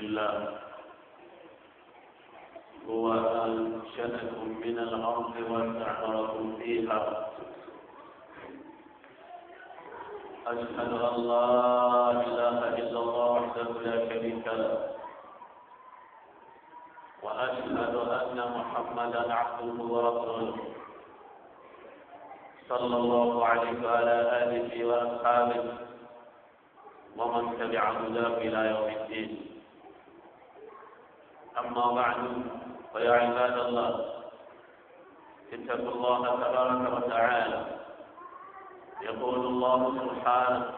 لله هو أنشأكم من الأرض وأنشأكم فيها أشهد أن لا إله إلا الله وحده لا شريك له وأشهد أن محمدا عبده ورسوله صلى الله عليه وعلى آله وأصحابه ومن تبع هداه إلى يوم الدين أما بعد فيا عباد الله اتقوا الله تبارك وتعالى يقول الله سبحانه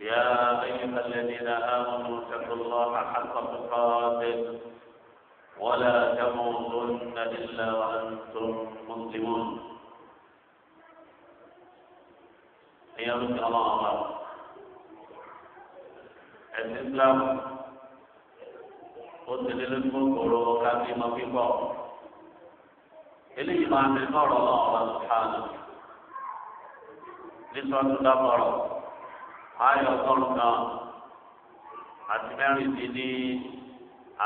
يا أيها الذين آمنوا اتقوا الله حق تقاته ولا تموتن إلا وأنتم مسلمون أيام الله الإسلام ó ti lé lórí kòkòrò kábí mọ pípọ̀ eléyìí máa ń fi sọ̀rọ̀ náà wà lùkàlù nítorí dábọ̀rọ̀ ayọ̀ ọgọ́rùn kan àti mẹ́rin dín ní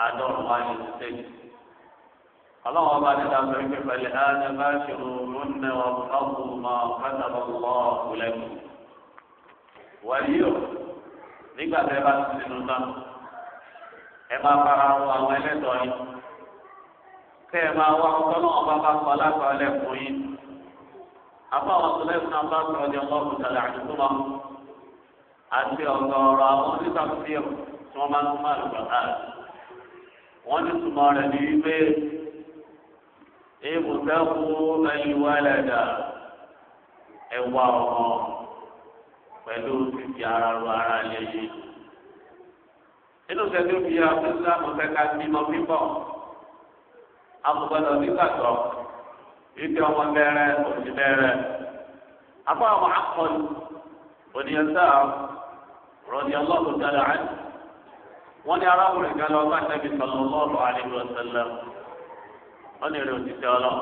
àádọ́rùn ayọ̀ sẹ́yìn. اللهم بارك على سيدنا فالآن باشروهن وابتغوا ما كتب الله لكم وليو nígbà tẹ bá ti sinú tán ẹ máa fara wọ àwọn ẹlẹ́tọ̀ọ́ yìí kẹ́ ẹ máa wọ àwọn tọ́lọ́wọ́n bá bá kọ́ látọ̀ ẹlẹ́kùn yìí àbá àwọn sọlẹ́sìn náà bá sọ̀rọ̀ ní ọgbà òkútalẹ̀ àdúgbò àti ọ̀gọ̀ọ̀rọ̀ àwọn oníṣàkóso tí wọ́n máa ń tún máa lùgbà wọ́n ti túmọ̀ rẹ̀ ní wípé ibùdókù ẹ̀yìnwálẹ̀dà ẹ̀wà ọ̀hún pẹ̀lú fífi ara ru ara lẹ́yìn inú sẹ́ni fi yà fún islam kẹ́kẹ́ bímọ bíbọ̀ agbọ̀gbọ̀dọ̀ nígbàgbọ́ ibi ọmọ bẹ̀rẹ̀ òsì bẹ̀rẹ̀ afọ àwọn akọni oníyànsá rọdí ọlọ́run dára ẹ̀ wọ́n ní arákùnrin kan lọ́ọ́ bá tẹ̀bi sọ̀rọ̀ lọ́ọ̀rọ̀ àdìgbò sẹ́lẹ̀ wọ́n ní èrè òtítẹ́ ọlọ́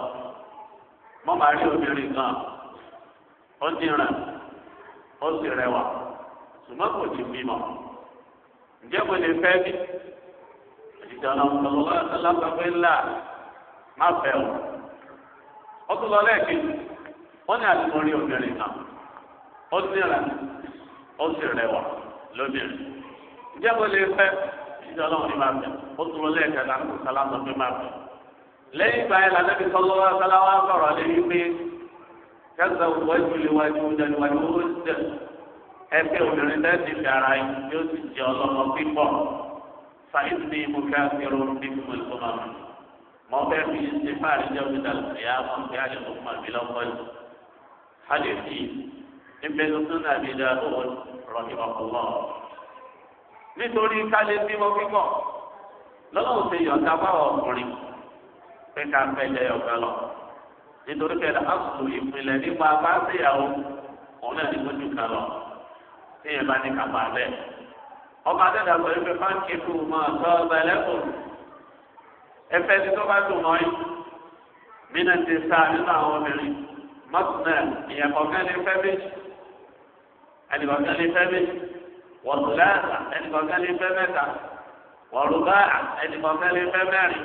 mọ́ máa rí obìnrin kan ó ti rẹ̀ ó sì rẹwà ṣùgbọ́n kò ǹjẹ́ mo lè fẹ́ bí ìjọ náà sọ̀rọ̀ wá sọ́lápàpẹ́ ńlá má o ó tún lọ lẹ́ẹ̀kejì wọ́n ní àtúntò obìnrin kan ó sì rẹ̀ ó sì rẹwà lóbìnrin ǹjẹ́ mo lè fẹ́ náà ní má ó tún lọ má lẹ́yìn ìgbà yẹn lànà ẹgbẹ́ obìnrin lẹ́sìn fi ara yìí yóò sì jẹ́ ọlọ́mọ pípọ̀ fàyín ní ibùkẹ́ akérò ní gbogbo ìgbọ́mọ mi. mọ bẹ́ẹ̀ fi ṣe fáàrí jẹ́ omi dàlù bí yìí. a fi níbẹ̀ tuntun dá owó nítorí lọ́wọ́ yọ̀ǹda ọkùnrin pé ká fẹ́ ọ̀gá lọ. nítorí ìpìlẹ̀ nípa bá ṣèyàwó òun náà ní tí yẹn bá ní kàmá bẹ́ẹ̀. ọba dẹ́dà sọ wípé fáńkì kù mọ́ ọ̀tọ́ ọba ẹlẹ́kùn ẹfẹ́ tí tó bá dùn mọ́ yìí mínà ti sá nínú àwọn obìnrin mọ́tùnà ìyẹn kọ̀ọ̀kan ní fẹ́ méjì ẹnì kọ̀ọ̀kan ní fẹ́ méjì wọ̀tùlá ẹnì kọ̀ọ̀kan ní fẹ́ mẹ́ta wọ̀rùbá ẹnì ní fẹ́ mẹ́rin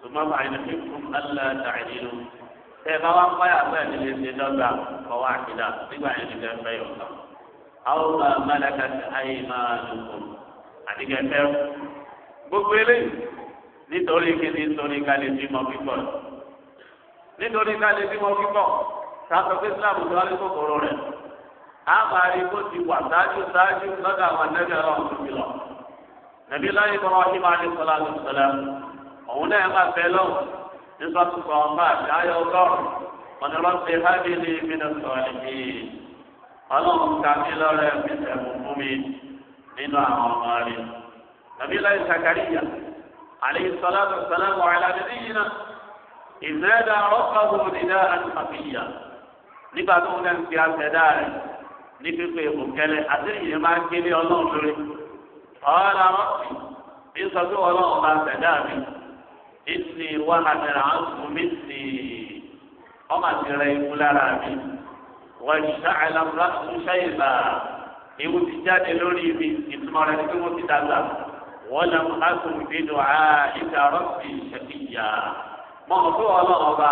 ṣùgbọ́n fàyẹn fi kún alẹ́ tàìlú tẹ àwọn ọmọ amálàkà ti ayé máa dùnkùn àdìgẹ fẹ́ràn gbogbo eléyìí nítorí kíni nítorí kálí bímọ pípọ̀ nítorí kálí bímọ pípọ̀ sàtọ pé islam tó wálé kòkòrò rẹ a máa rí kó ti wà sáájú sáájú lọ́dọ̀ àwọn nẹ́bí ọlọ́run tó fi lọ nẹ́bí láyé bọ́ wáyé máa ní sọlá ló sọlá òun náà máa fẹ́ lọ́wọ́ nípa tó kọ́ ọmọ àti ayọ̀ ọgọ́rùn ọ̀nà lọ́sẹ̀ hábìlì mí ọlọ́run ta mí lọ́rẹ́ mi sẹ̀mú fún mi nínú àwọn ọmọ rẹ̀ nàbí láì sàkàríyà àlẹ́ sọlá tó sọlá wà láti níyì náà ìzẹ́dà ọ̀pọ̀ òdìdá àti màfìyà nígbà tó ń lẹ́nu fi àtẹ̀dá rẹ̀ ní pípé òkẹlẹ àtẹ̀yìn máa ń ọlọ́run lórí ọ̀ọ́dà rọ́ọ̀tì bí sọ pé ọlọ́run bá tẹ̀dá mi ìsìn wà hàmẹ́rà ń sùn mí ọmọ àti rẹ̀ ikú lára mi wọ́n ṣàlà rásùn ṣàyẹ̀bà ewu ti jáde lórí ibi ìtumọ̀ rẹ̀ tí wọ́n ti dàgbà wọ́n lọ kásùn ìbínú à ìta rọ́ọ̀sì ṣẹ̀kìyà mọ̀ ọ́ fún ọlọ́run ọba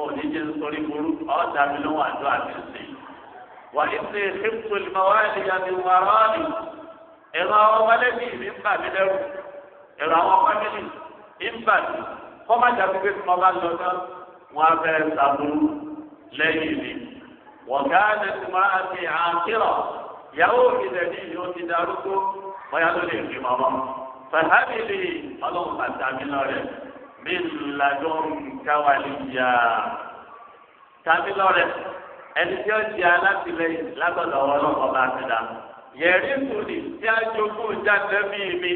òní jẹ́ nítorí burú ọ̀ọ́dà mi ló wà ló àti ṣe. wà á ṣe ṣípò ìmọ̀wáìlì àti wàrọ́ọ̀lì ẹ̀rọ àwọn ọmọlẹ́bí mi ń bà mí lẹ́rù ẹ̀rọ àwọn ọmọlẹ́bí ń bà mí kọ́ má jà pípé bá lọ náà وكانت امرأتي عاقرة يوم الذي يؤتي داركم ويدري في ماما فهب لي اللهم انت من لوري من لدنك وليا tàbí lọrẹ ẹni tí ó di alátìlẹyìn látọ̀dọ̀ ọlọ́run ọba àtẹdá yẹrí tòlì tí a jogún jáde mí mi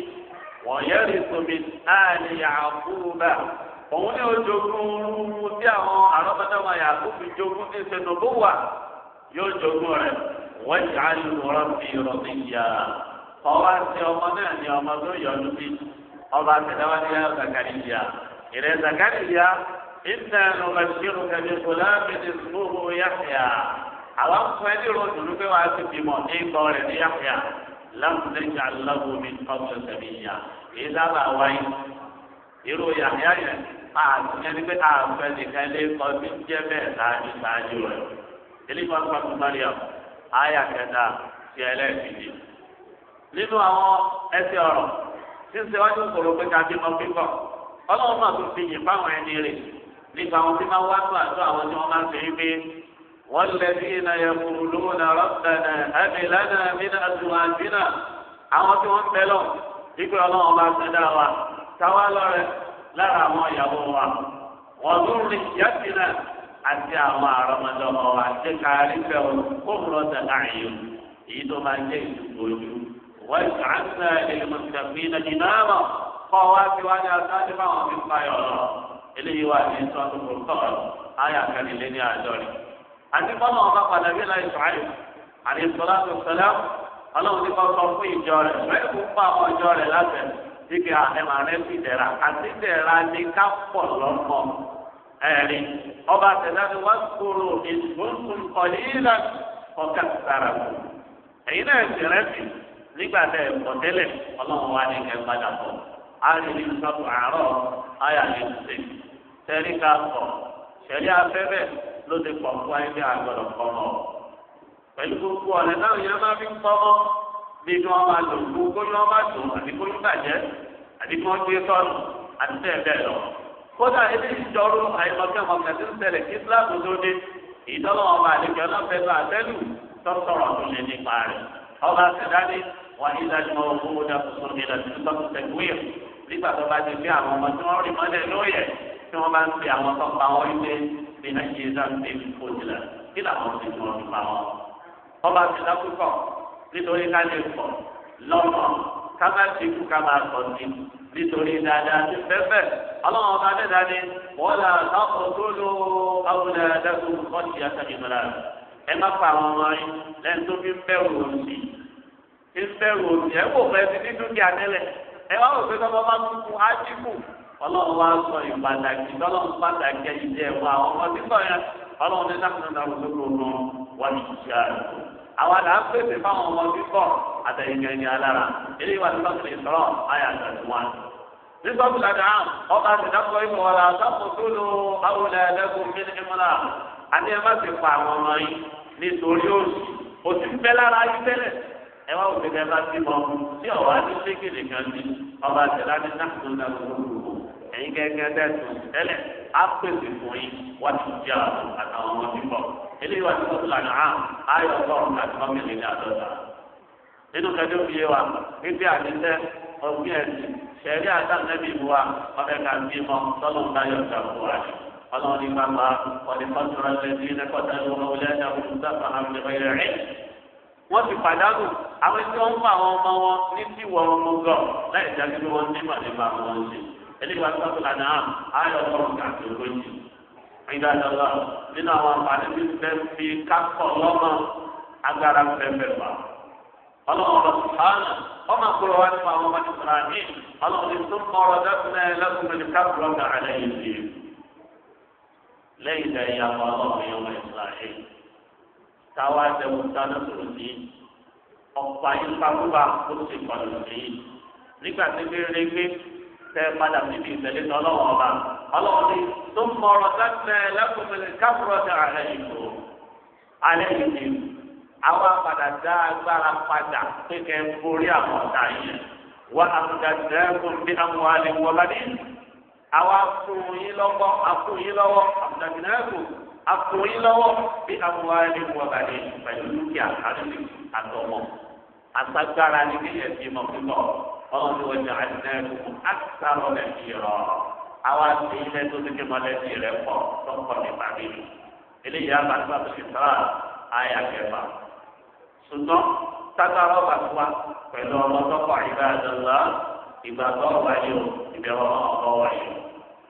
wọn yẹrí tòmí àlè àkúrú bá òun ní ojogún rúru tí àwọn àrọ́bọ́dọ́mọ yàgùnfì jogún ti ṣètò bó wà yóò jogún rẹ̀ wọ́n ti á lu rọ́bì rọ́bì yá ọba ti ọmọ náà ní ọmọ tó yọjú bí ọba tẹlẹwà ní zakariya ìrẹ zakariya ìtẹ nùbẹ̀sírù kẹbi fúlàmì ní sùúrù yáfíà àwọn fún ẹni rò dùnú pé wàá ti bímọ ní ìgbọ́ rẹ̀ ní yáfíà lámùlẹ́jà lọ́gùn mi kọ́ irú ya yẹn àtúnyẹ a pé àfẹ nìkan lé kọ bí jẹ bẹ́ẹ̀ sáájú sáájú rẹ eléyìí wọn mariam àyà kẹta ti nínú àwọn ẹsẹ̀ ọ̀rọ̀ wájú pé ká pípọ̀ ọlọ́run náà tún fi yìn fáwọn ẹni rè nípa àwọn tí wọ́n wá tó àtọ àwọn tí wọn máa ń fi lè iná yẹn kúrú náà lọ ọlọ́run bá ń wa. táwa lọ́rẹ̀ lára àwọn ìyàwó wa wọ́n tún lè yàtì náà àti àwọn àrọ́mọdọ́mọ wa ṣe kárí fẹ́ o kó kúrò tẹ̀lé àyè o èyí tó máa jẹ́ ìdúgbò ojú wọ́n ti àṣà ìlúmọ̀tàbí náà ní náà mọ̀ kọ́ wa ti wá ní asáájú fáwọn fi fáyọ̀ lọ eléyìí wà ní sọ́ọ́tù kòtọ́ọ̀ ayà kanìléní àádọ́rin àti bọ́lá ọba padà bí láì sọ́ọ́yì àti sọ́lá tó sọ́lá ọlọ́run ti kọ́ sọ fún ìjọ rẹ̀ mẹ́kùn fún àwọn ìjọ rẹ̀ láti ike àlẹ́mọ̀ rẹ̀ fi dẹ̀ra àti dẹ̀ra ni ká pọ̀ lọ́kọ̀ ẹ̀rí ọba tẹ̀láni wá kúrò ìgbóhùn kọ̀lílà ọ̀kà sára kù èyí náà ti rẹ̀ fi nígbà tẹ̀ pọ̀ tẹ́lẹ̀ ọlọ́run wá ní kẹ́ padà pọ̀ àrìlí sọ́kù àárọ̀ ayà lè ṣe tẹ̀rí ká pọ̀ tẹ̀rí afẹ́fẹ́ ló ti pọ̀ fún ayé àgbọ̀dọ̀ pọ̀ pẹ̀lú gbogbo ọ̀rẹ́ náà yẹn máa fi ń pọ́ bí kí wọ́n máa dùn kú kó ní wọ́n máa dùn àti kó ní bàjẹ́ àti kí wọ́n gbé sọ́nù àti bẹ́ẹ̀ bẹ́ẹ̀ lọ. kódà ebi ìjọrú àìmọ̀kẹ́mọ̀kẹ́ tó ń tẹ̀lé kí islam tó dé ìdánwò ọba àlejò ọlọ́fẹ́lú àtẹ́lù tó sọ̀rọ̀ tó lé nípa rẹ̀. ọba sẹ̀dáni wà ní ìdájọ́ owó dàtúntò ní ìdájọ́ tó tẹ̀gbóyè nígbà tó bá ti fi àwọn ọmọ tí wọ́n rí mọ́lẹ̀ lóye tí wọ́n bá ń fi àwọn tó pa wọ́n ilé bí nàìjíríà ń fi kó tilẹ̀ kí làwọn ti tún ọ nítorí ká lè pọ̀ lọ́pọ̀ ká má ti kú ká má sọ ní nítorí dáadáa ti fẹ́fẹ́ ọlọ́run ọba dẹ́dá ni wọ́n là sáfọ̀ tó lo awùdá dẹ́kun kọ́ọ̀tì àtàkìmọ́ra ẹ má pa àwọn ọmọ yín lẹ́nu tó fi ń bẹ̀rù òsì fi ń bẹ̀rù òsì ẹ kò fẹ́ ti ní dúkìá tẹ́lẹ̀ ẹ wá wò pé tọ́kọ bá tún kú á ọlọ́run wá sọ ìpàtàkì tọ́lọ́run pàtàkì ẹ̀yìn jẹ́ ẹ̀fọ́ àwọn ọmọ tí kọ̀ yẹn ọlọ́run ní sáfù náà lọ́wọ́ tó lò lọ́ wọ́n ti àwọn àdá pèsè fáwọn ọmọ bíbọ̀ àtẹ̀yìnyẹn ní alára eléyìí wà nípa tìlẹ̀ sọ̀rọ̀ ayé àtẹ̀tù wọn. nípa bùlá dàá ọba àtẹ̀dàpọ̀ ìmọ̀ wàlà sáfòtúlù awolẹ̀ ẹlẹ́gùn mílíọ̀nù mọ́lá àti ẹ má ti pa àwọn ọmọ yìí nítorí òsì òsì ń bẹ lára ayé tẹ́lẹ̀ ẹ wá òfin ẹ bá bímọ tí ọ̀wá ní sékèlè kan ní ọba àtẹ̀lá ní náà gẹ́gẹ́ eléyìí wà ní sọ́tún lànà hàn ayọ̀ ọgọ́rùn-ún àti mọ́mìlì ní àdọ́ta. nínú kẹjọ fiye wa níbi àdìsẹ́ ọgbìn ẹ̀sìn ṣẹ̀rí àtàlẹ́bí wa ọbẹ̀ ká bí mọ́ sọ́lọ́ táyọ̀ ìjàmbá wa ọlọ́run ní bàbá ọ̀dẹ fọ́túrọ̀ lẹ́sí lẹ́kọ̀ọ́tà ìwọ̀n ọ̀lẹ́ wọ́n ti pàdánù àwọn tí wọ́n ń fa àwọn ọmọ wọn ní gọ̀ láì wọn ṣe. ẹni ìdájọba nínú àwọn àǹfààní tí bẹ́ẹ̀ fi kápọ̀ lọ́mọ agbára pẹ̀pẹ̀ wá. ọlọ́run ọmọ àkúrò wa nípa àwọn ọmọdé sọ̀rọ̀ àní ọlọ́run ní tó mọ̀rọ̀ dákúnlẹ̀ lẹ́kùnrin ní kápọ̀ lọ́mọ àlẹ́ yìí lẹ́yìn ìdá ìyàwó ọlọ́run yẹn wọ́n ìsìláyé táwa dẹ̀wò dáná sọ̀rọ̀ sí ọ̀pá ìpamọ́ba ó ti pọ̀ ọlọ́run ní tó ń mọ̀rọ̀ sẹ́fẹ̀ lẹ́kùnrin káfíńrọ̀tì àlẹ́ ìlú alẹ́ ìlú àwọn apàdà dá agbára padà pé kẹ́ ń borí àwọn ọ̀tá yìí wá àmúdàdà ẹ̀kún bí àwọn alẹ́ àwọn afúnyín lọ́wọ́ afúnyín lọ́wọ́ àmúdàdà ẹ̀kún afúnyín lọ́wọ́ bí àwọn alẹ́ pẹ̀lú dúkìá àti àtọ̀mọ́ àtàgbára ní kéèyàn fi mọ̀ fún ọ ọlọ́run wọ́n jẹ́ àwa ti ilé tó ti ké mọ́lẹ́bí rẹ̀ pọ̀ tó ń pọ̀ nípa nínú eléyìí á máa tó ti sára àyà kẹfà ṣùgbọ́n tágbà ọba tó wa pẹ̀lú ọmọ tọkọ ìgbà àdàlá ìgbà tó wà yìí o ìbẹ̀rù ọmọ wà yìí o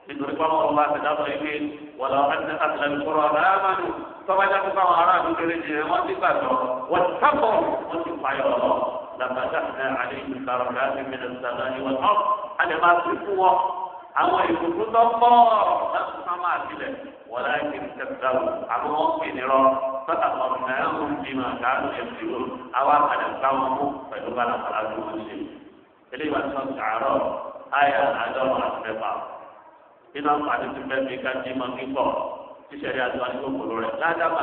nítorí pé ọmọ ọba ti dábọ̀ ẹgbẹ́ wọlé ọmọ ẹni àtìlẹ́ ìkọrọ ọ̀rẹ́ àmàlù tọ́ba jáde fáwọn ará àdúgbò jẹ wọ́n ti gbàgbọ́ wọ́n ti sábọ̀ wọ́n ti fàyọ̀ lọ làbàjá ní àlejò sàrọ̀ láti mẹ́lẹ̀ sàrọ̀ ìwọ̀n àwọn ìbùkún tó pọ̀ láti sámà sílẹ̀ wọ́n láì kí ní tẹ́tẹ́ o àwọn ènìyàn tọ́ta ọ̀nà ẹ̀rọ bí mà dáàbò ẹ̀sìn o àwọn àkàdé gbá wọn mú pẹ̀lú balabala tó ń ṣe. eléyìí wà sọ sàárọ̀ àyà àádọ́rùn àti mẹ́fà nínú àǹfààní tó fẹ́ mi ká jí máa kíkọ̀ tíṣẹ̀rí àti wájú rẹ̀ ládàbà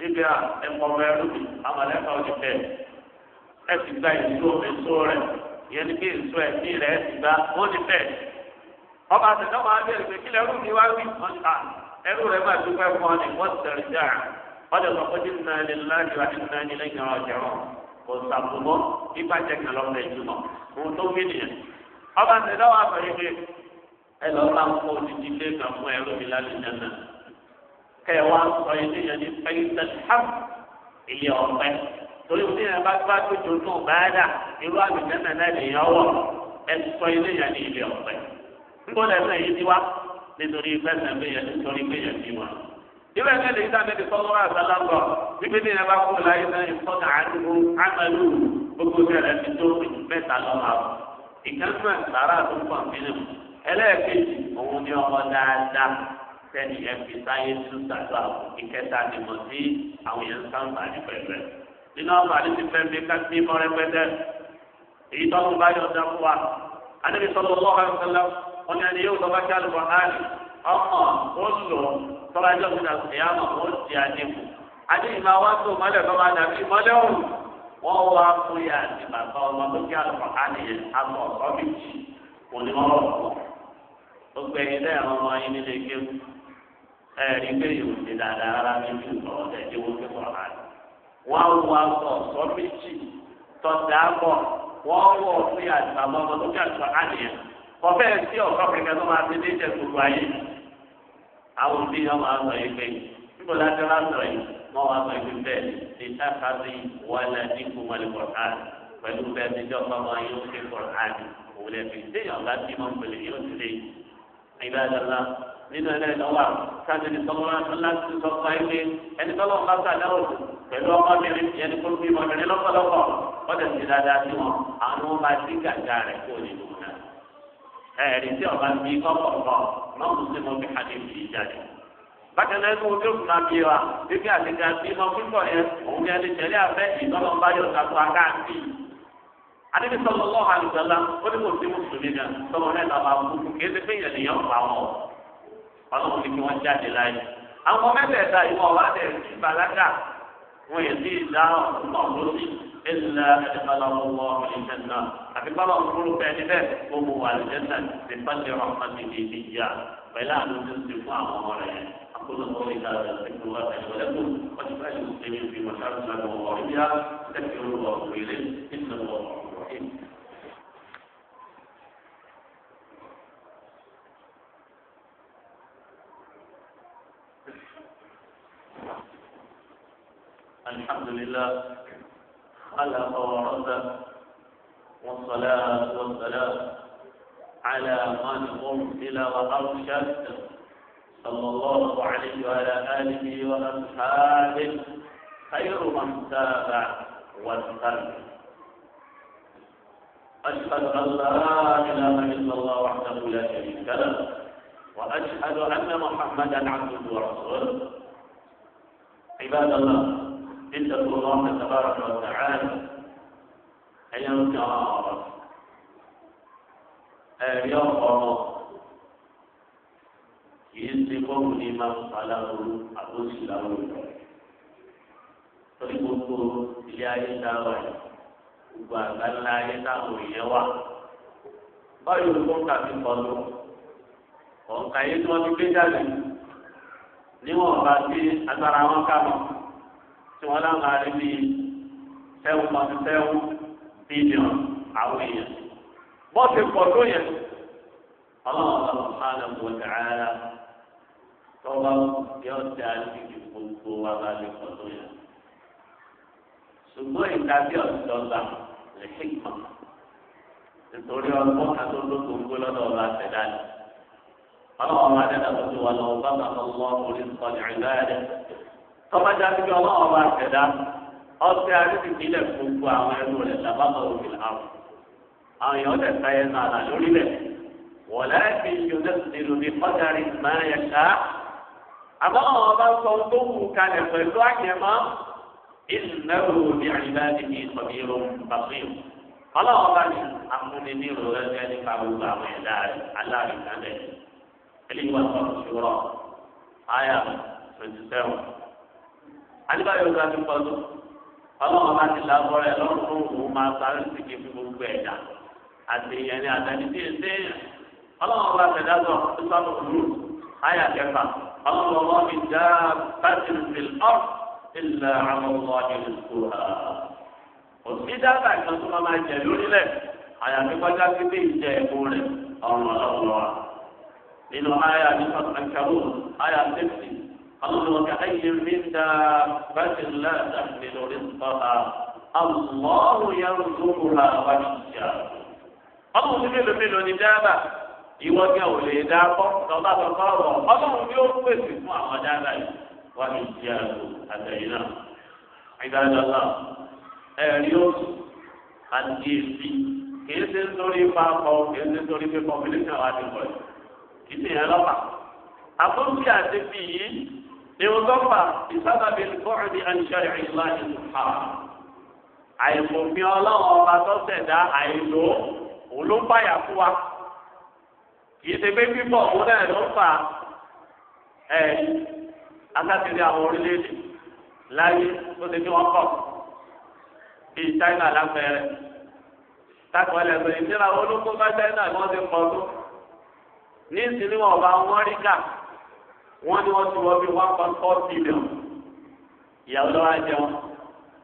níbi à ẹ̀kọ́ mẹ́rin àmàlẹ́kà òjìfẹ́ ẹ ti gba ìṣó èso rẹ̀ ìyẹn ní kí èso ẹ̀ ní rẹ̀ ẹ ti gba ó ti fẹ́. ọba àtẹ̀tẹ̀ máa ń bẹ̀rẹ̀ pé kí lẹ́rù mi wá wí ọ̀tà ẹrú rẹ̀ máa dúpẹ́ fún ọ ní wọ́n ti tẹ̀rẹ̀ dà ọjọ́ sọ pé nínú ilé láti wá nínú ilé lẹ́yìn ọ̀rọ̀ jẹ̀rọ̀ kò sàbùmọ́ nípa jẹ́ kí lọ́mọ ẹ̀ jùmọ̀ òun tó wí nìyẹn. ọba àtẹ̀tẹ̀ wá bẹ̀rẹ̀ pé kẹwàá sọ ilé yẹn ní pẹ́ńtẹ́tàm ilé ọ̀pẹ torí tí yẹn bá gbá tó báyà irú àmì jẹ́nà náà lèyàn wọ̀ ẹ sọ ilé yẹn ní ilé ọ̀pẹ nígbà lẹ́sẹ̀ yìí ti wá nítorí fẹsẹ̀ bí yẹn nítorí bí yẹn ti wá. ìwé ẹgbẹ́ lè sá níbi sọ́wọ́ àtàlágbọ̀ wípé tí yẹn bá kú láyé náà ìfọ́nà àdúgbò ámàlú gbogbo tẹ̀lẹ̀ ti tó mẹ́ta lọ́wọ́ àwọn. ìkànnì sẹ́ni yẹn fi sáyé tú tàdó a ìkẹta ni mo sí àwọn yẹn ń sáǹfààní pẹ̀lú ẹ̀. nínú àǹfààní ti fẹ́ mi mọ́ rẹpẹtẹ èyí tó ń bá yọ ọjà fún wa. adébí sọ́dọ̀ ọlọ́wọ́ ẹ̀kọ́lá wọn ni ẹni yóò lọ bá kí alùpùpù hàní ọmọ ó lò tọ́lá ẹjọ́ mi náà ṣèyá mọ̀ ó ti àdínkù. adébí máa wá tó mọ́lẹ̀ tó máa dàbí mọ́lẹ̀ òun wọ́n wá fún yà bàbá ọmọ tó kí alùpùpù hàní yẹn àmọ̀ ọ̀tọ́ ẹ̀rí pé yòó ti dáadáa rárá méjì lọ́wọ́ tẹ̀ tí wọ́n fi kọ̀ láì. wọ́n wọ aṣọ ọ̀ṣọ́ méjì tọ́jà bọ̀ wọ́n wọ fún àtìmọ́ ọmọ tó fi àtìmọ́ àdìyẹ. kọfẹ́ sí ọ̀ṣọ́ kẹ̀kẹ́ tó máa ti déjẹ́ gbogbo ayé. àwọn òbí yẹn máa sọ yìí pé níbo láti rá sọ yìí wọ́n wá sọ yìí pé ní sáfàbí wàlá dínkù mọ́lẹ́kọ̀ọ́ nínú ẹlẹ́yìn lọ́wọ́ àwọn káàdì ní sọ́kọ́lá ńlá ti sọ fún ayé pé ẹni tọ́lọ́ ńlá sà dáwọ̀ pẹ̀lú ọmọbìnrin yẹn ní kúrú bímọ obìnrin lọ́pọ̀lọpọ̀ ọ̀dẹ̀ ti dáadáa sí wọn àwọn ọmọ bá ti gàgà rẹ̀ kó nínú wọn náà. ẹ̀ẹ́dì tí ọba ń bí kọ́kọ̀ọ̀kọ̀ lọ́kùn sí mo fi hàdí fi jáde. bákan náà ẹnu ojú òkú máa bí wa bíbí àtìgà bí mọ púpọ̀ yẹn òun ni ẹni tẹ̀lé abẹ́ ìtọ́lọ́mbá yóò sàtọ́ akáàtì. adébí sọlọ́lọ́ àlùfẹ́lá ó ní kò sí mùsùlùmí náà tọmọ náà làwọn àbúkù kì í ti pín ìyẹn ọlọ́run ní kí wọ́n jáde láyé. àwọn mẹ́tẹ̀ẹ̀ta ìwọ wà lẹ̀ sí balaga wọn yẹ sí ìdáhùn ọ̀lọ́sí ẹ̀là ẹ̀dẹ́gbàláwọ̀ ìjẹ̀nà àti bábà òkúrú bẹ́ẹ̀ níbẹ̀ gbogbo wà lẹ́jẹ̀nà ti pàṣẹ ọ̀hánmàdì ìdí ìyá pẹ̀lú àwọn tó ti fún àwọn ọmọ rẹ̀ أقول قولي هذا أستغفر الله لي ولكم وأجمع المسلمين في مشاكل الله وإياه أستغفر الله إليه إنه هو الحمد لله خلق ورزق والصلاة والسلام على من أرسل وأرشد صلى الله عليه وعلى آله وأصحابه خير من تابع واستنى أشهد أن لا إله إلا الله وحده لا شريك له وأشهد أن محمدا عبده ورسوله عباد الله اتقوا الله تبارك وتعالى ẹyẹ ń fi ọmọ ọ̀rọ̀ ẹrí ọkọ ọmọ kìí ṣe fọwọ́ ní máa ń falá ooru àbóṣì làwọn èèyàn torí gbogbo ilé ayé dáwà gbogbo àgbáńlá ayé táwọn èèyàn wà báyìí olùkọ́ tàbí ọ̀nkà yìí tí wọ́n ti gbé jáde níwọ̀n bá agbára wọn kà mọ́. tí wọ́n láwọn arí ní seven point seven billion àwọn èèyàn. bọ́ọ̀sì pọ̀ tó yẹn ọlọ́run ọba dá gbogbo wa bá lè pọ̀ tó ṣùgbọ́n ìdájọ́ ìdọ́gba lè nítorí ọgbọ́n ọba àtẹ̀dá ni. ọlọ́run ọba tó ti wà lọ́wọ́ bá bàbá ìgbà tọ́ba dájú pé ọlọ́wọ́ bá tẹ̀dá ọ̀sẹ̀ àdúgbò ìbílẹ̀ gbogbo àwọn ẹrú rẹ̀ lábàbà òbí làwọn. àwọn èèyàn tẹ̀ sáyẹ nàlà lórílẹ̀ wọ̀lẹ́ fi ṣojú nílùú ní ọ̀dàrí ìmáyà ṣá. àmọ́ àwọn bá sọ tó wù kalẹ̀ pẹ̀lú àyẹ̀mọ́ ìnáwó ní àyíláàdìní ìtọ́bíró bàbíò. ọlọ́wọ́ bá ní amúnini rẹ̀ nípa gbogbo àwọn ẹ̀dá aláàrin náà adébáyọ̀ ló ti pọ̀ tó ọlọ́run bá ti là bọ́rẹ̀ lọ́rùn tó wù máa sáré sí kí fún gbogbo ẹ̀dá àtẹ̀yẹ ni àtẹ̀yẹ tí èsè ọlọ́run bá tẹ̀dá sọ nípa òru ayà kẹfà ọlọ́run ọmọ mi dá bàtìrì fìl ọ́f ilà àwọn ọmọ ìlú kúrò ha. òsì dábà kan tó máa jẹ lórílẹ̀ àyà mi kọjá sí bí ìjẹ ẹ̀kú rẹ̀ ọ̀run ọlọ́run wa nínú ayà nípa àkàrò ayà tẹ̀sí الله وكأي من دابة لا تحمل رزقها الله يرزقها وإياكم ọlọ́run ní mélòó mélòó ni dáàbà ìwọ jẹ́ ò lè dá bọ́ lọ́ba bàbá rọ̀ ọlọ́run ní ó pèsè fún àwọn dáàbà yìí wà ní ìdí àgbò àtẹ̀yìn náà ìdádọ́lá ẹ̀rí oṣù àti èsì kìí ṣe nítorí pápọ̀ kìí ṣe nítorí pé population wa ti wọ̀ yìí kìí ṣe yẹn lọ́pàá àkóńtì àti bíi yìí. ìwọ̀gọ́fà ìsábàbí bọ́ọ̀dì àníṣàrí ìlànà ìlúfà àìmọ̀fin ọlọ́run ọba tó ṣẹ̀dá àìlò olóńgbàyà fún wa kìí ṣe pé bíbọ̀ òun náà ló ń fa ẹ̀ akásìrí àwọn orílẹ̀-èdè láyé tó ṣe kí wọ́n kọ̀ China lápẹẹrẹ tákùn ẹlẹ́sìn ìdíra olóńgbò China ni wọ́n ti pọ̀ tó ka. wọ́n ní wọ́n ti wọ́n bí one point four billion ìyàwó lọ́wọ́ ajẹ́ wọn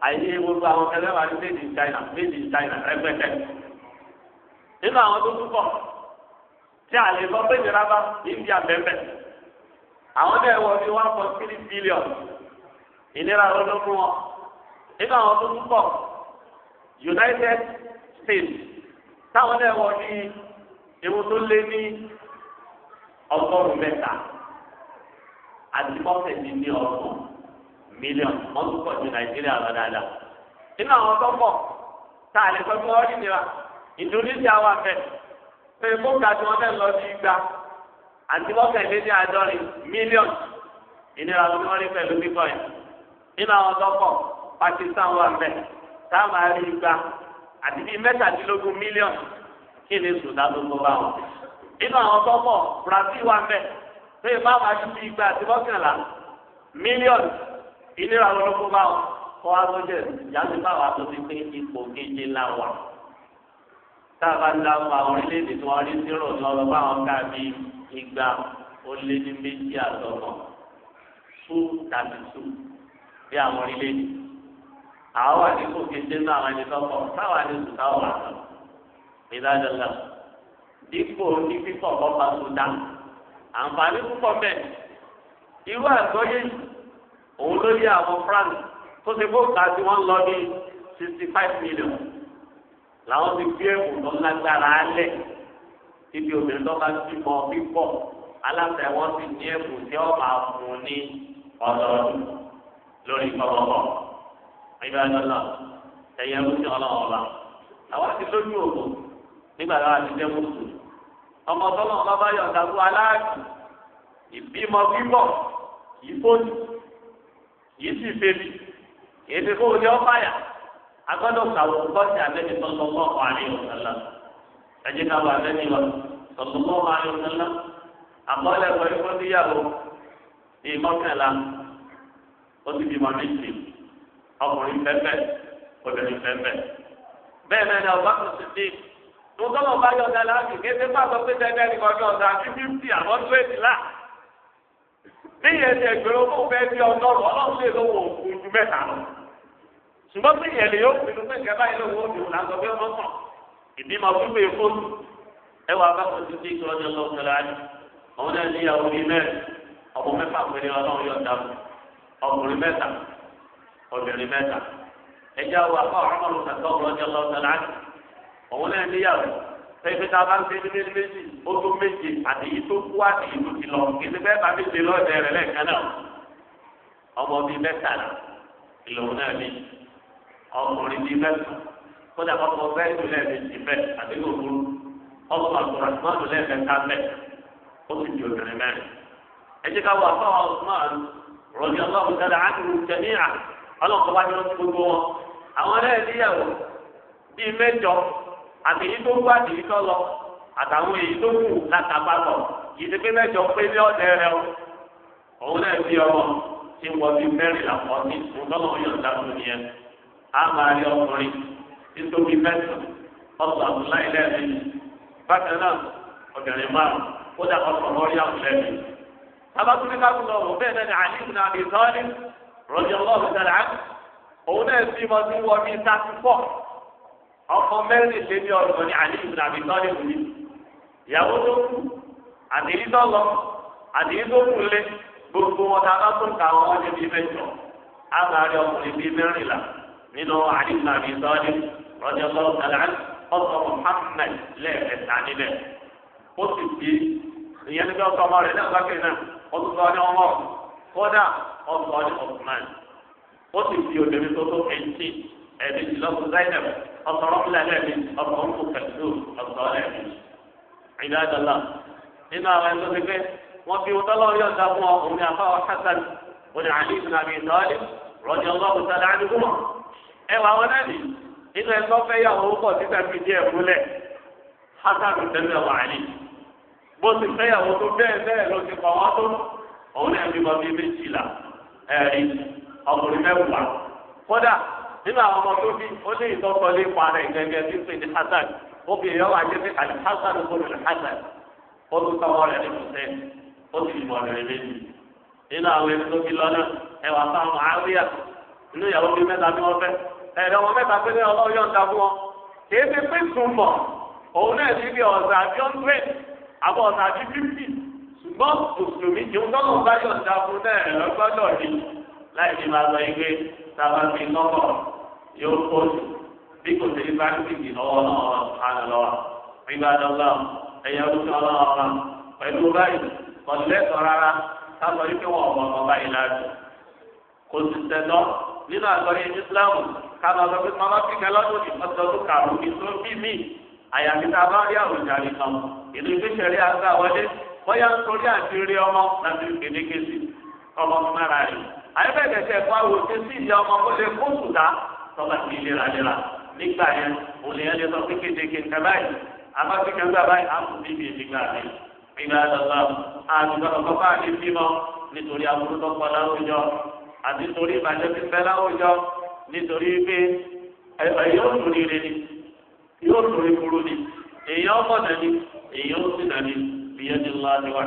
àyè gbogbo àwọn ẹlẹ́wàá ní méjì China méjì China rẹpẹtẹ nínú àwọn tó túbọ̀ tí a lè sọ pé ìnira bá India bẹ́ẹ̀ àwọn náà wọ bí one point three billion ìnira lọ́dún fún wọn nínú àwọn tó túbọ̀ United States táwọn náà wọ ní ewu tó lé ní ọgọ́rùn-ún mẹ́ta àti mọ́tẹ̀ ní ní ọ̀sán mílíọ̀n wọ́n tún pọ̀ ju nàìjíríà lọ dáadáa. nínú àwọn tó pọ̀ tá a lè sọ pé wọ́n rí nira indonesia wà fẹ́ pé bóńkà tí wọ́n fẹ́ lọ sí igba àti mọ́tẹ̀ ní ní àádọ́rin mílíọ̀n ìnira ló wọ́n rí pẹ̀lú bíbọ̀ yẹn. àwọn tó pọ̀ pakistan wà fẹ́ tá a máa rí igba àti bíi mẹ́tàdínlógún mílíọ̀n kí ni sùdá tó tó bá wọn. nínú àwọn tó pọ̀ brazil wà fẹ́ pé má wàá ju bí igba àti mọ́kànlá mílíọ̀nù ìnira ọlọ́kọ́ bá wọn kọ́ wá lọ́jọ́ ìyáàtì bá wàá tó ti pé ipò keje la wà. tá a bá ń dá àwọn orílẹ̀-èdè tí wọ́n rí zero ní ọlọ́pàá àwọn ká bí igba ó lé ní méjì àtọ̀mọ̀ two thirty two bí àwọn orílẹ̀-èdè. àwọn àdínkù keje náà àwọn ẹni tọ́kọ̀ táwọn àdínkù táwọn àtọ̀ ìdájọ́ náà dípò ní fífọ̀ bọ́ àǹfààní púpọ̀ mẹ́ irú àgbọ́yé òun ló yẹ àwọn France tó ṣe fún ká tí wọ́n lọ ní sixty five million làwọn ti gbé ẹ̀wù tó lágbára alẹ̀ ibi obìnrin tó bá bímọ bíbọ̀ aláṣẹ wọn ti ní ẹ̀wù tí ó máa mú ní ọlọ́run lórí kọ́kọ́kọ́ ìgbà lọ́la ẹ̀yẹ ń sìn ọlọ́run ọba àwọn ti lójú òkú nígbà tí wọ́n ti dẹ́kun sùn ọmọ tọ́lọ̀ ọba bá yọ̀ǹda fún aláàkì ìbímọ bíbọ̀ kìí fóònù kìí sì fèmí kìí fi fóònù ọ̀fàyà agbọ́dọ̀ kàwọ́ kọ́sì àbẹ́ni tọ́lọ́mọ́ àárín ọ̀sánlá ẹ̀jẹ̀ káwọ́ àbẹ́ni wa tọ́lọ́mọ́ àárín ọ̀sánlá àbọ̀lẹ̀ wọlé fún níyàwó ní mọ́kànlá ó ti bímọ méjì ọkùnrin pẹ́pẹ́ obìnrin pẹ́pẹ́ bẹ́ẹ̀ mẹ́rin ọba mo bá yọ ọ̀dà láàbì kéde bá sọ pé tẹ́lẹ̀ ní ọjọ́ ọ̀dà sí fífì àmọ́ tó èdè là. bí yẹn ti ẹgbẹ̀rún fún bẹ́ẹ̀ bí ọlọ́run ọlọ́run lè lówó òkú ju mẹ́ta lọ. ṣùgbọ́n bí yẹn lè yóò pinnu pé ìjọba yìí lówó òkú làásọ bí ọmọ ìbímọ fún fún ẹ wà bá kọjú sí ìjọ ọjọ́ lọ sọlá ni àwọn náà ní bíi mẹ́rin ọmọ mẹ́fà péré ọlọ́run yọ ọ̀dà ọkùnrin mẹ́ta obìnrin mẹ́ta ẹjọ́ àwọn akọ́ ọ̀rọ̀ ọ̀rọ̀ òun náà níyàwó pépé tá a bá ń ṣe ní méjì ó tó méje àti yìí tó kú àti yìí tó ti lọ kí ni bẹ́ẹ̀ bá méje lọ́ọ̀dẹ rẹ̀ lẹ́ẹ̀kan náà ọmọ bíi mẹ́tàlá ìlòun náà ní ọkùnrin bíi mẹ́tàlá kódà ọkọ̀ bẹ́ẹ̀ tó lẹ́ẹ̀mejì bẹ́ẹ̀ àti òkúrú ọkọ̀ àtúrà tó tó lẹ́ẹ̀mẹ́ta bẹ́ẹ̀ ó sì di obìnrin mẹ́rin. ẹ jẹ́ ká wọ àfọwọ́ àwọn ẹlẹ́yìn àti èyí tó wá àti tó lọ àtàwọn èyí tó kù látàbàtọ̀ ìdí pé mẹ́jọ pé ní ọ̀dẹ rẹ o òun náà bí ọmọ tí wọ́n fi mẹ́rìnlá pọ̀ ní ìfúnnọ́mọ yọ̀ǹda tó nìyẹn á máa rí ọkùnrin tí tó fi mẹ́sàn ọ̀sán àbúláì lẹ́ẹ̀mejì bákan náà obìnrin márùn kódà ọ̀sán lórí àbúlẹ́ẹ̀mejì. lọ wọ náà ní náà ọkọ mẹ́rin lé ní ọ̀rọ̀ ní àlejò ní àbíkọ́ ní ìwúni ìyàwó tó kù àdìrí tó lọ àdìrí tó kù lé gbogbo wọn tá a bá tún ka wọn ní bí mẹ́jọ á máa ọkùnrin bí mẹ́rìnlá nínú àlejò ní àbíkọ́ ní rọ́jò lọ́wọ́ kàlá ọkọ̀ Muhammad lẹ́ẹ̀kẹta níbẹ̀ ó sì fi ìyẹn ní bí ọmọ rẹ̀ náà wákẹ́ náà ó tún sọ ní ọmọ kódà ọkọ̀ ní ọkùnrin ó sì fi òdòdó tó tó ẹ̀ńtì ẹ̀ẹ́dẹ́gbẹ̀lọ́kùn Zainab ọ̀sọ̀rọ̀ ńlá lẹ́ẹ̀mí ọ̀sọ̀rọ̀ ńkù kẹ̀lú ọ̀sọ̀rọ̀ lẹ́ẹ̀mí. ìdájọ́lá nínú àwọn ẹgbẹ́ pípẹ́ wọ́n fi wọ́n lọ́wọ́ yọ̀ǹda fún ọ òun ni àfáwọ̀ hasan òun ni àlí ibùn àbí ìtọ́lẹ̀ rọ̀jì ọlọ́run sálẹ̀ àdúgbò. ẹ wà wọn náà nì nínú ẹgbẹ́ fẹ́ yà wọ́n pọ̀ títà fi díẹ̀ múlẹ̀ hasan tẹ́lẹ̀ wà ní. bó ti fẹ́ yà wọ́n tó bẹ́ẹ̀ bẹ́ẹ̀ ló ti pọ̀ wọ́n tó òun náà fi bọ́ bí méjìlá ẹ̀rí ọkùnrin mẹ́wàá kódà nínú àwọn ọmọ tó bí ó ní ìtọ́kọlé parẹ́ gẹ́gẹ́ bí pé ní hasan obìnrin yóò wá jẹ́ pé àti hasan ní hasan ó rẹ̀ ní kùsẹ́ ó sì mọ̀ rẹ̀ nínú àwọn ẹni tó bí lọ́nà ẹwà àríyá inú ìyàwó mẹ́ta wọ́n fẹ́ ẹ̀rọ mẹ́ta pé ní ọlọ́run ń da fún wọn kìí sábà fi lọ́kọ̀ yóò kó jù bí kò sí bá ti dì lọ́wọ́ náà ọ̀rọ̀ sùhánà lọ́wọ́ nígbà dọ́gba ẹ̀yẹ orúkọ ọlọ́wọ́ kan pẹ̀lú báyìí kọ̀lẹ́tọ̀ rárá sábà yìí kí wọ́n ọ̀gbọ̀n kan báyìí láti. kò sì tẹ̀lọ́ nínú àgbọ̀yé Islam kábà sọ pé màmá fi kẹlọ́ tó ti ọ̀sọ̀rọ̀ kàrú ìṣòro bí mí àyàfi tá a bá rí àwùjáde kan ìlú ìgbésẹ̀ rí àgbà wọlé bóyá nítorí àti rí ọmọ láti kéde kéde ọmọ mọ́ra rẹ̀ àyẹ̀bẹ̀rẹ̀ tẹ̀ fún àwọn òṣè sí ìyá ọmọ kó lè kó sùdá tọ́ba ti lera lera nígbà yẹn òun yẹn lè sọ pé kédeke nǹkan báyìí abáfíkà ńgbà báyìí àpò bíbí ìdígbà mi ìgbà àdàgbà àdùgbà ọ̀kọ́ bá mi bímọ nítorí aburú tó pọ̀ láwùjọ àti nítorí ìbàjẹ́ fífẹ́ láwùjọ nítorí pé ẹ̀fẹ̀ yóò tún rere ni yóò tún rí burú ni èèyàn ọkọ̀ dání èèyàn ó sì dání ìyẹn ti lọ́ọ́ adéwà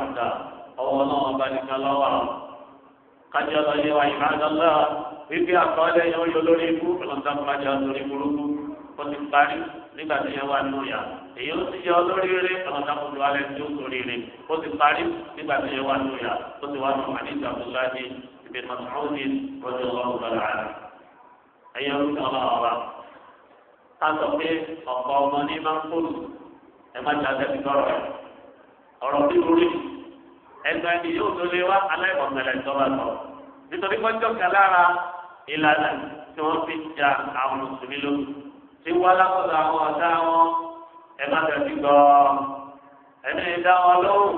kájọ lọ yẹ wa ìbádọ́lá wípé àkọọ́lẹ̀ yẹn ó yọ lórí ikú ọlọ́dún àpájọ lórí burúkú ó ti parí nígbà tí yẹn wá nù yà èyí ó ti yẹ olórí rẹ ọlọ́dún àpájọ alẹ́ tí ó sórí rẹ ó ti parí nígbà tí yẹn wá nù yà ó ti wá nù àdìsí àbúlá ní ibi mọ̀tòmọ́tì rọ́jò ọlọ́run lọ́la rẹ. ẹ̀yẹ orúkọ ọlọ́wọ́ ká sọ pé ọ̀pọ̀ ọmọ ní máa ń kó ẹnu ẹni yóò tó lé wá aláìmọ̀mẹ́lẹ̀ tọ́ba sọ nítorí pọ́njọ́ kan lára ìlànà tí wọ́n fi ja àwọn mùsùlùmí ló ti wá lákòóso àwọn ọ̀tá wọn ẹ má tẹ̀sí gbọ́ ẹni ìdá wọn lóhùn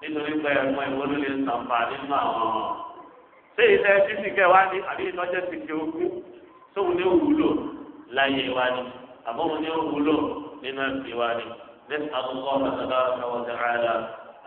nítorí pé ẹ̀mọ́ ìwọlú lè sàǹfà nínú àwọn ṣé ìṣe títí kẹwàá ni àbí ìtọ́jẹ́ ti fi ogún tóun ní òwúlò láyé wa ni àbọ̀wọ̀n ní òwúlò nínú ẹ̀sìn wa ni.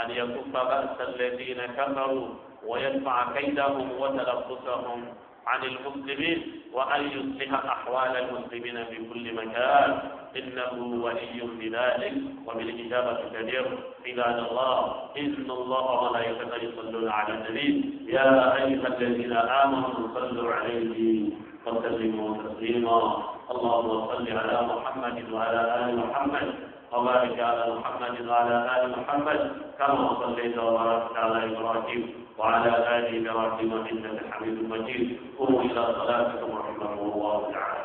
أن يكف بأس الذين كفروا ويدفع كيدهم وتلبسهم عن المسلمين وأن يصلح أحوال المسلمين في كل مكان إنه ولي بذلك وبالإجابة كبير عباد الله إن الله وملائكته يصلون على النبي يا أيها الذين آمنوا صلوا عليه وسلموا تسليما اللهم صل على محمد وعلى آل محمد وبارك على محمد وعلى ال محمد كما صليت وباركت على ابراهيم وعلى ال ابراهيم انك حميد مجيد قوموا الى صلاتكم رحمه الله تعالى